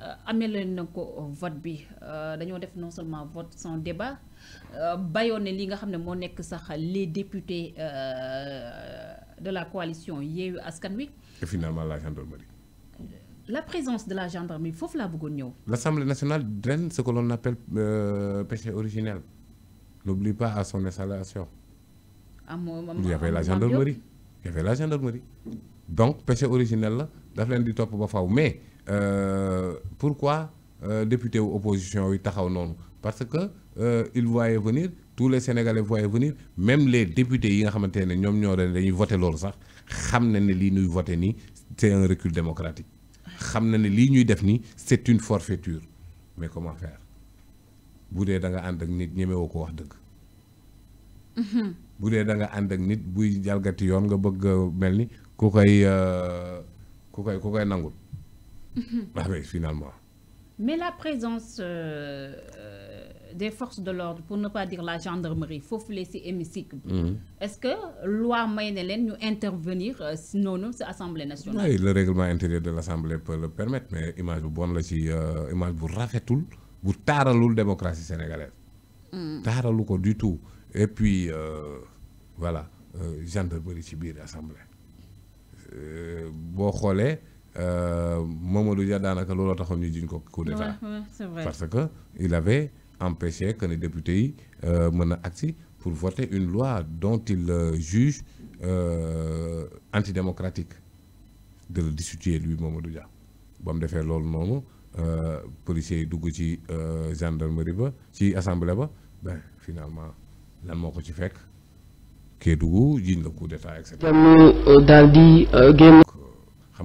Euh, amee leen vote bi euh, dañu def non seulement vote sans débat mais euh, ne li nga xamné mo nek sax les députés de la coalition Yewwi Askan Wi. et finalement la gendarmerie. la présence de la gendarmerie foofu la bëggon ñëw. l'Assemblée nationale draine ce que l'on appelle péché originel. n'oublie pas à son installation. Ah, il y avait la gendarmerie. il y avait la gendarmerie donc péché originel la daf leen di top ba faaw mais. Euh, pourquoi député euh, députés opposition non? parce que euh, il venir tous les sénégalais voyaient venir même les députés yi nga voté c'est un recul démocratique Ils ne c'est une forfaiture mais comment faire Si da nga and ak nit ñëmé pas wax dëgg. Mhm. da nga and ak nit buy jalgati yoon nga ah finalement. Mais la présence euh, euh, des forces de l'ordre, pour ne pas dire la gendarmerie, faut laisser hémicycle. Mhm. Est-ce que loi Mayenne nous intervenir euh, sinon nous c'est l'Assemblée nationale Oui, le règlement intérieur de l'Assemblée peut le permettre, mais image bonne, euh, image pour rafetoul, pour taralou la démocratie sénégalaise. Mmh. Taralou du tout. Et puis, voilà, gendarmerie c'est l'Assemblée. Euh, bon, euh, Mamadou Dia daanaka looloo taxoon ñu diñ ko coup d'état parce que il avait empêché que les députés euh mën pour voter une loi dont il euh, juge euh, antidémocratique de le discuter lui Mamadou Dia Bon défé faire l'homme euh policiers yi dugg ci gendarmerie ba ci assemblée ba ben finalement lan moo ko ci fekk Kédougou diñ la coup d'état et cetera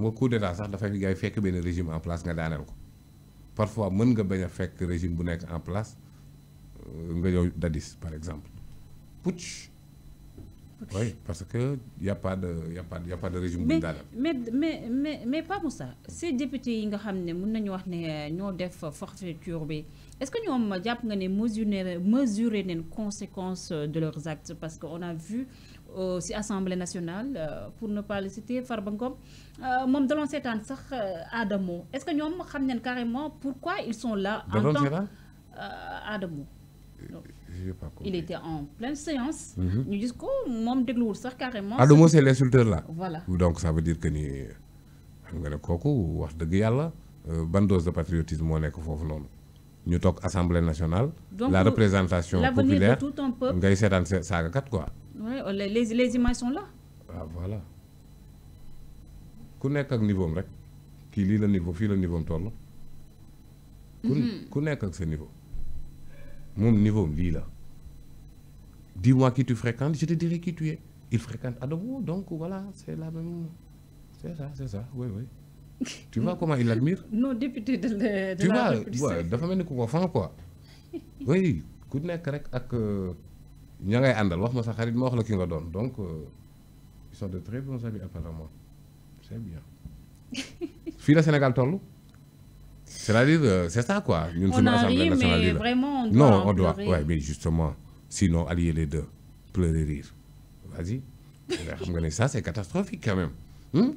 xam nga coup d'état sax dafay ngay fekk benn régime en place nga daaneel ko parfois mën nga bañ a fekk régime bu nekk en place euh, nga ñëw dadis par exemple putsch oui parce que y' a pas de y' a pas de y' a pas de régime bu mais mais mais mais pas Moussa ces députés yi nga xam ne mën nañu wax ne ñoo def forfaiture bi est ce que ñoom jàpp nga ne mesurer mesurer nañ conséquence de leurs actes parce que on a vu si assemblée nationale euh, pour ne pas le citer farbangom euh, mom de l'ancien sax euh, Adamo est-ce que ñom xam carrément pourquoi ils sont là. en tant Adamo. il était en pleine séance. Mhm. ñu gis ko moom dégluwul sax carrément. Adamo c'est l'insulteur là. voilà donc ça veut dire que ni xam nga ne kooku wax deug yalla ban dose de patriotisme mo nek fofu non ñu tok assemblée nationale. la représentation populaire ngay seetaan quatre quoi oui oh, les les images sont là. ah voilà ku nek ak niveau qui rek lit li niveau fille le niveau de toi. ku mhm. nek ce ak niveau Mon niveau vie là dis-moi qui tu fréquentes je te dirai qui tu es il fréquente Adamo donc voilà c'est la même c'est ça c'est ça oui oui. tu vois comment il admire non député de la de tu vois dafa mel ni quoi quoi. oui ku a rek euh, wax ma sa xarit wax la ki donc euh, ils sont de très bons amis apparemment c'est bien fii la Sénégal toll. c'est-à-dire euh, c'est ça quoi. ñun suñu assemblée nationale mais vraiment on doit non on doit ouais mais justement sinon allier les deux pleurer rire vas-y. xam ça c'est catastrophique quand même. Hmm?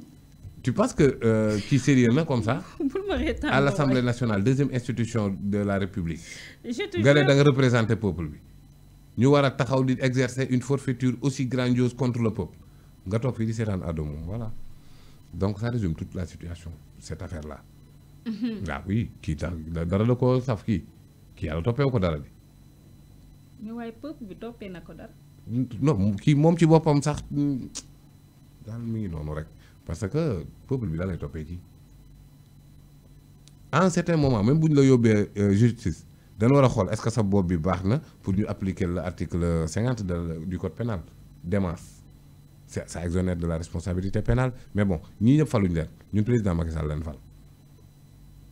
tu penses que euh, qui euh, sérieux comme ça. à l'Assemblée nationale deuxième institution de la République. je te nga da nga peuple bi ñu war a taxaw di exercer une forfaiture aussi grandiose contre le peuple nga toog fii di seetaan adamu voilà donc ça résume toute la situation cette affaire là. waaw mm-hmm. ah oui kii tax dara la ko saf kii kii yàlla toppee ko dara di. mais waaye peuple bi toppee na ko dara. non kii moom ci boppam sax daal mi ngi noonu rek parce que peuple bi daal lay toppee kii à un certain moment même buñ la yóbbee euh, justice est-ce que ça peut bi baax pour appliquer l'article 50 du code pénal démence ça exonère de la responsabilité pénale mais bon nous ñëpp faluñu leen ñun président Macky Sall leen fal.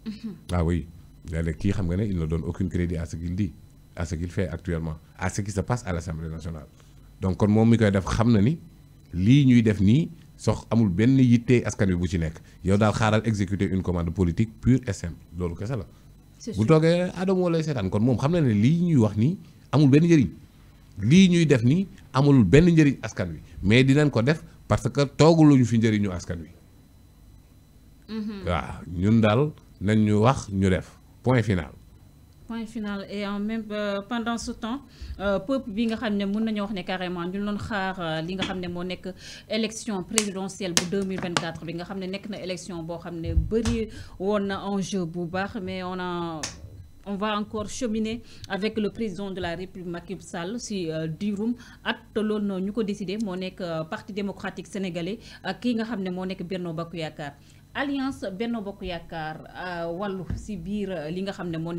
Mhm. ah oui léeg-léeg kii xam nga il ne donne aucun crédit à ce qu'il dit à ce qu'il fait actuellement à ce qui se passe à l'Assemblée nationale donc comme je mi koy def xam na ni lii ñuy def nii sox amul benn askan bu ci yow exécuter une commande politique pure et simple loolu la. bu toogee Adamo lay seetaan kon moom xam na ne lii ñuy wax nii amul benn njëriñ lii ñuy def nii amul benn njëriñ askan wi mais dinañ ko def parce que tooguluñu fi njëriñu askan wi. Mm-hmm. waaw ñun daal nañ ñu wax ñu def point final. point final et en même euh, pendant ce temps euh, peuple bi nga xamné ne mën nañu wax ne carrément ñu non xaar euh, li nga xamné mo nek élection présidentielle bu 2024 bi nga xamné nek na élection bo xamné bari won na enjeu bu baax mais on a on va encore cheminer avec le président de la République Macky Sall si diirum at loolu noonu ñu ko décidé moo nekk parti démocratique sénégalais ak ki nga xamné mo nek Berno Benno Bokk alliance Benno Bokk Yaakaar wàllu si bir li nga xam mo